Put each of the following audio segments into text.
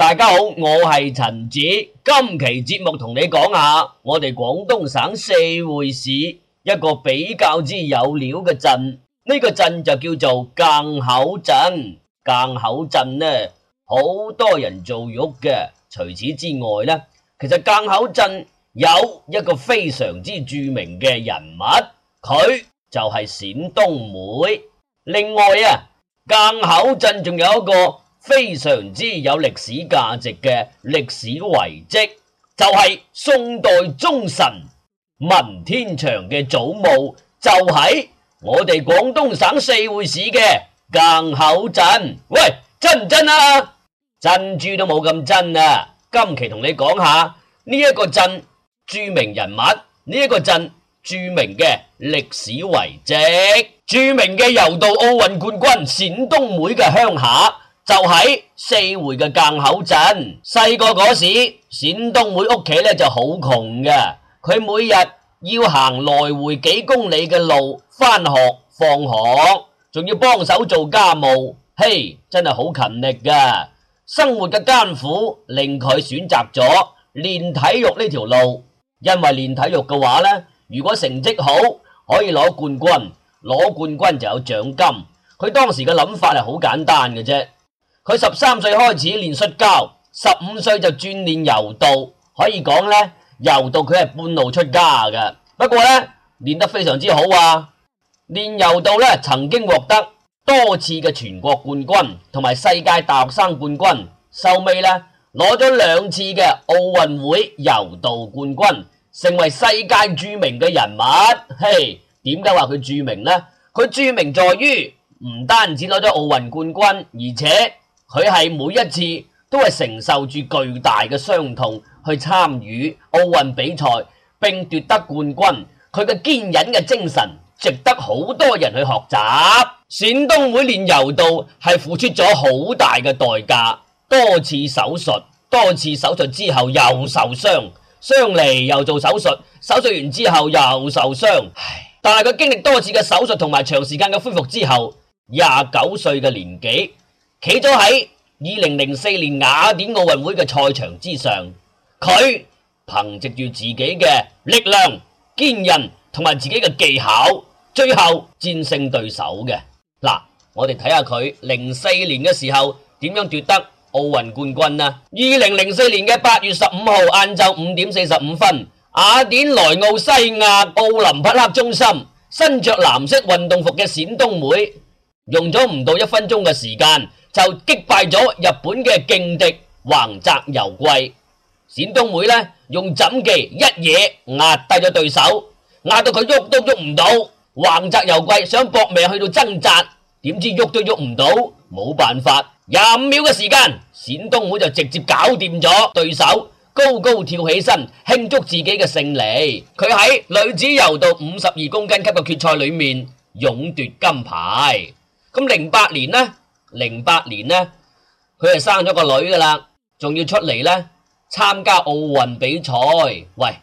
大家好，我係陳子，今期節目同你講下我哋廣東省四會市一個比較之有料嘅鎮，呢、這個鎮就叫做逕口鎮。逕口鎮呢，好多人做玉嘅。除此之外呢，其實逕口鎮有一個非常之著名嘅人物，佢就係冼東妹。另外啊，逕口鎮仲有一個。非常之有歷史價值嘅歷史遺跡，就係、是、宋代忠臣文天祥嘅祖墓，就喺、是、我哋廣東省四會市嘅迳口鎮。喂，真唔真啊？珍珠都冇咁真啊！今期同你講下呢一、這個鎮著名人物，呢、這、一個鎮著名嘅歷史遺跡，著名嘅柔道奧運冠軍冼東妹嘅鄉下。就喺四會嘅逕口鎮，細個嗰時冼東妹屋企咧就好窮嘅，佢每日要行來回幾公里嘅路翻學放學，仲要幫手做家務，嘿，真係好勤力噶。生活嘅艱苦令佢選擇咗練體育呢條路，因為練體育嘅話咧，如果成績好可以攞冠軍，攞冠軍就有獎金。佢當時嘅諗法係好簡單嘅啫。佢十三歲開始練摔跤，十五歲就轉練柔道，可以講呢柔道佢係半路出家嘅。不過呢練得非常之好啊！練柔道呢，曾經獲得多次嘅全國冠軍，同埋世界大學生冠軍，收尾呢攞咗兩次嘅奧運會柔道冠軍，成為世界著名嘅人物。嘿，點解話佢著名呢？佢著名在於唔單止攞咗奧運冠軍，而且佢係每一次都係承受住巨大嘅傷痛去參與奧運比賽，並奪得冠軍。佢嘅堅忍嘅精神值得好多人去學習。冼東妹練柔道係付出咗好大嘅代價，多次手術，多次手術之後又受傷，傷嚟又做手術，手術完之後又受傷。唉，但係佢經歷多次嘅手術同埋長時間嘅恢復之後，廿九歲嘅年紀。企咗喺二零零四年雅典奧運會嘅賽場之上，佢憑借住自己嘅力量、堅韌同埋自己嘅技巧，最後戰勝對手嘅。嗱，我哋睇下佢零四年嘅時候點樣奪得奧運冠軍啊。二零零四年嘅八月十五號晏晝五點四十五分，雅典萊奧西亞奧林匹克中心，身着藍色運動服嘅冼東妹。用咗唔到一分鐘嘅時間就擊敗咗日本嘅勁敵橫澤由貴。冼東妹呢，用枕技一嘢壓低咗對手，壓到佢喐都喐唔到。橫澤由貴想搏命去到掙扎，點知喐都喐唔到，冇辦法。廿五秒嘅時間，冼東妹就直接搞掂咗對手，高高跳起身慶祝自己嘅勝利。佢喺女子柔道五十二公斤級嘅決賽裏面勇奪金牌。咁零八年呢？零八年呢，佢係生咗個女噶啦，仲要出嚟呢參加奧運比賽。喂，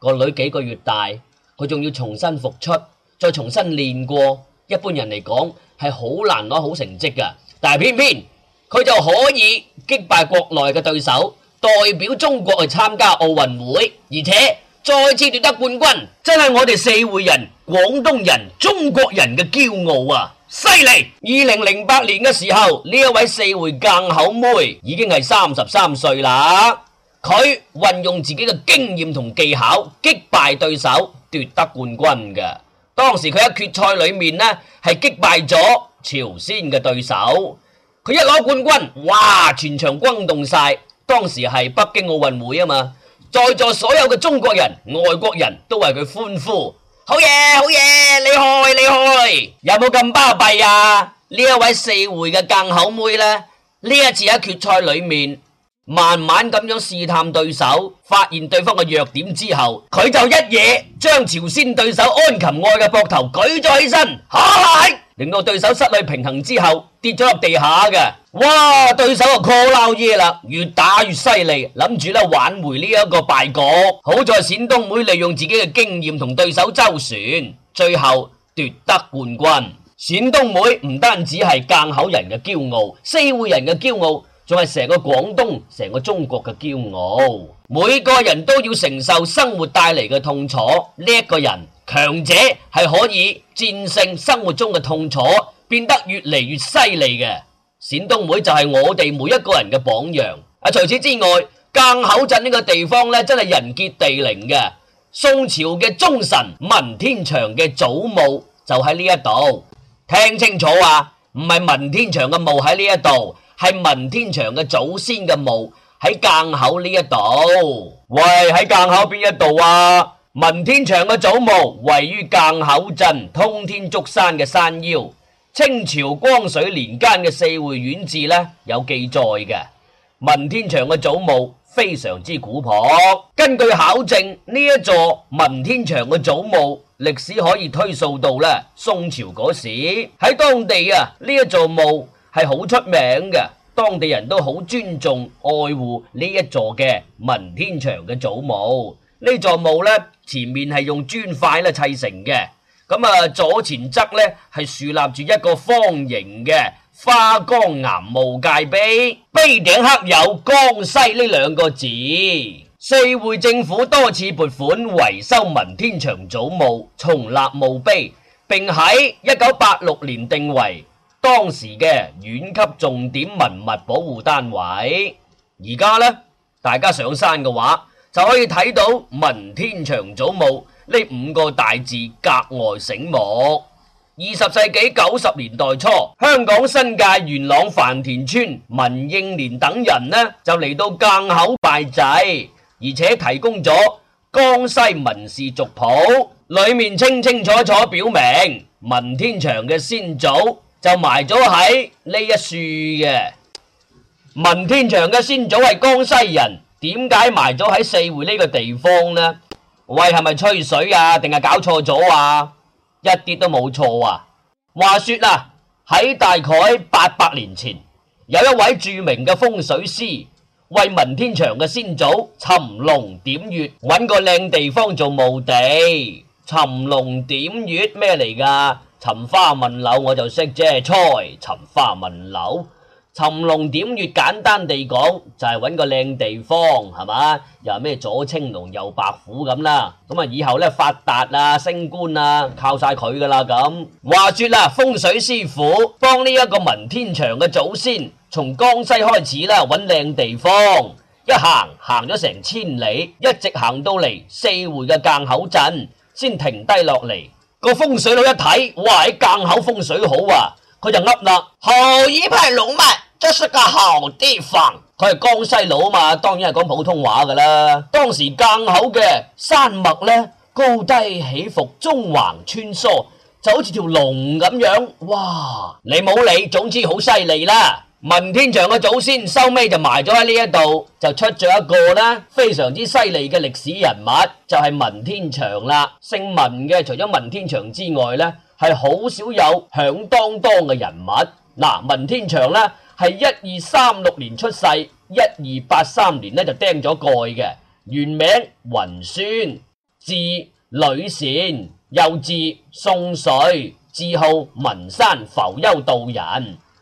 個女幾個月大？佢仲要重新復出，再重新練過。一般人嚟講係好難攞好成績噶，但係偏偏佢就可以擊敗國內嘅對手，代表中國去參加奧運會，而且再次奪得冠軍，真係我哋四會人、廣東人、中國人嘅驕傲啊！犀利！二零零八年嘅時候，呢一位四會逕口妹已經係三十三歲啦。佢運用自己嘅經驗同技巧擊敗對手，奪得冠軍嘅。當時佢喺決賽裏面呢，係擊敗咗朝鮮嘅對手。佢一攞冠軍，哇！全場轟動晒。當時係北京奧運會啊嘛，在座所有嘅中國人、外國人都為佢歡呼。好嘢，好嘢，厲害，厲害，有冇咁巴閉啊？呢一位四會嘅逕口妹咧，呢一次喺決賽裏面。慢慢咁樣試探對手，發現對方嘅弱點之後，佢就一嘢將朝鮮對手安琴愛嘅膊頭舉咗起身，下嚟 令到對手失去平衡之後跌咗入地下嘅。哇！對手就 collapse 啦，越打越犀利，諗住咧挽回呢一個敗局。好在冼東妹利用自己嘅經驗同對手周旋，最後奪得冠軍。冼東妹唔單止係迳口人嘅驕傲，四會人嘅驕傲。仲係成個廣東、成個中國嘅驕傲，每個人都要承受生活帶嚟嘅痛楚。叻個人、強者係可以戰勝生活中嘅痛楚，變得越嚟越犀利嘅。冼東妹就係我哋每一個人嘅榜樣。啊，除此之外，逕口鎮呢個地方咧，真係人傑地靈嘅。宋朝嘅忠臣文天祥嘅祖墓就喺呢一度。聽清楚啊，唔係文天祥嘅墓喺呢一度。係文天祥嘅祖先嘅墓喺逕口呢一度。喂，喺逕口邊一度啊？文天祥嘅祖墓位於逕口鎮通天竹山嘅山腰。清朝光緒年間嘅《四會縣志》呢有記載嘅。文天祥嘅祖墓非常之古朴。根據考證，呢一座文天祥嘅祖墓歷史可以推溯到呢宋朝嗰時喺當地啊，呢一座墓。係好出名嘅，當地人都好尊重愛護呢一座嘅文天祥嘅祖墓。呢座墓呢，前面係用磚塊砌成嘅。咁啊，左前側呢，係豎立住一個方形嘅花崗岩墓界碑，碑頂刻有“江西”呢兩個字。四會政府多次撥款維修文天祥祖墓，重立墓碑，並喺一九八六年定為。當時嘅縣級重點文物保護單位，而家咧，大家上山嘅話就可以睇到文天祥祖墓呢五個大字格外醒目。二十世紀九十年代初，香港新界元朗范田村文應年等人呢就嚟到逕口拜祭，而且提供咗江西文氏族譜，裡面清清楚楚表明文天祥嘅先祖，就埋咗喺呢一樹嘅文天祥嘅先祖係江西人，點解埋咗喺四會呢個地方呢？喂，係咪吹水啊？定係搞錯咗啊？一啲都冇錯啊！話說啦、啊，喺大概八百年前，有一位著名嘅風水師為文天祥嘅先祖尋龍點穴，搵個靚地方做墓地。尋龍點穴咩嚟噶？尋花問柳我就識啫，猜尋花問柳，尋龍點穴簡單地講就係、是、揾個靚地方，係嘛？又係咩左青龍右白虎咁啦？咁啊以後呢，發達啊升官啊靠晒佢噶啦咁。話說啦，風水師傅幫呢一個文天祥嘅祖先從江西開始啦搵靚地方，一行行咗成千里，一直行到嚟四會嘅逕口鎮先停低落嚟。個風水佬一睇，哇！喺逕口風水好啊，佢就噏啦，好一派龍脈，這是個好地方。佢係江西佬嘛，當然係講普通話噶啦。當時逕口嘅山脈呢，高低起伏，中橫穿梭，就好似條龍咁樣。哇！你冇理，總之好犀利啦。文天祥嘅祖先收尾就埋咗喺呢一度，就出咗一個呢非常之犀利嘅歷史人物，就係、是、文天祥啦。姓文嘅，除咗文天祥之外呢係好少有響當當嘅人物。嗱，文天祥呢，係一二三六年出世，一二八三年呢就釘咗蓋嘅，原名雲孫，字履善，又字宋水，字號文山、浮休道人。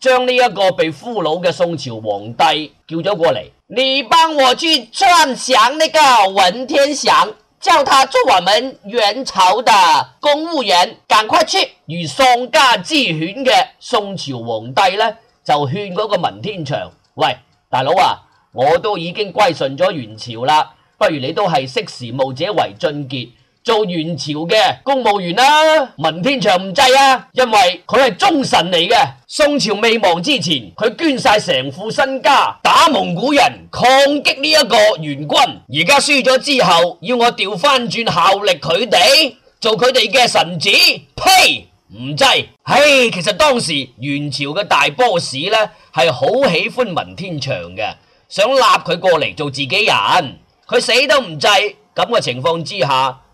將呢一個被俘虜嘅宋朝皇帝叫咗過嚟，你幫我去勸降那個文天祥，叫他做我們元朝的公務員，趕快去。如喪家之犬嘅宋朝皇帝呢，就勸嗰個文天祥，喂，大佬啊，我都已經歸順咗元朝啦，不如你都係識時務者為俊傑。做元朝嘅公務員啦，啊，文天祥唔制啊，因為佢係忠臣嚟嘅。宋朝未亡之前，佢捐晒成副身家打蒙古人，抗擊呢一個元軍。而家輸咗之後，要我調翻轉效力佢哋，做佢哋嘅臣子。呸，唔制。唉，其實當時元朝嘅大 boss 呢係好喜歡文天祥嘅，想立佢過嚟做自己人。佢死都唔制，咁嘅情況之下。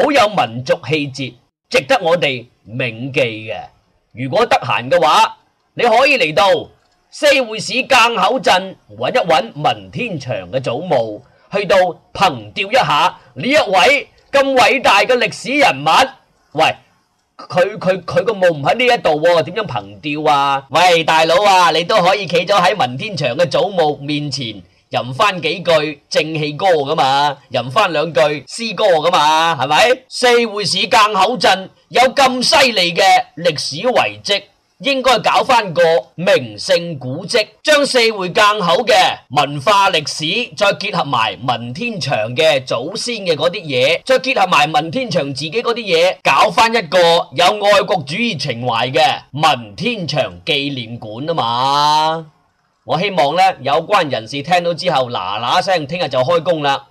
好有民族氣節，值得我哋銘記嘅。如果得閒嘅話，你可以嚟到四會市逕口鎮揾一揾文天祥嘅祖墓，去到憑吊一下呢一位咁偉大嘅歷史人物。喂，佢佢佢個墓唔喺呢一度喎，點樣憑吊啊？喂，大佬啊，你都可以企咗喺文天祥嘅祖墓面前。吟翻幾句正氣歌噶嘛，吟翻兩句詩歌噶嘛，係咪？四會市逕口鎮，有咁犀利嘅歷史遺跡，應該搞翻個名勝古跡，將四會逕口嘅文化歷史再，再結合埋文天祥嘅祖先嘅嗰啲嘢，再結合埋文天祥自己嗰啲嘢，搞翻一個有愛國主義情懷嘅文天祥紀念館啊嘛！我希望咧，有關人士聽到之後，嗱嗱聲，聽日就開工啦。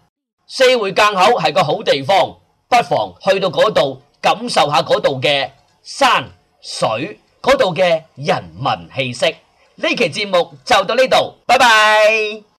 四會逕口係個好地方，不妨去到嗰度感受下嗰度嘅山水，嗰度嘅人民氣息。呢期節目就到呢度，拜拜。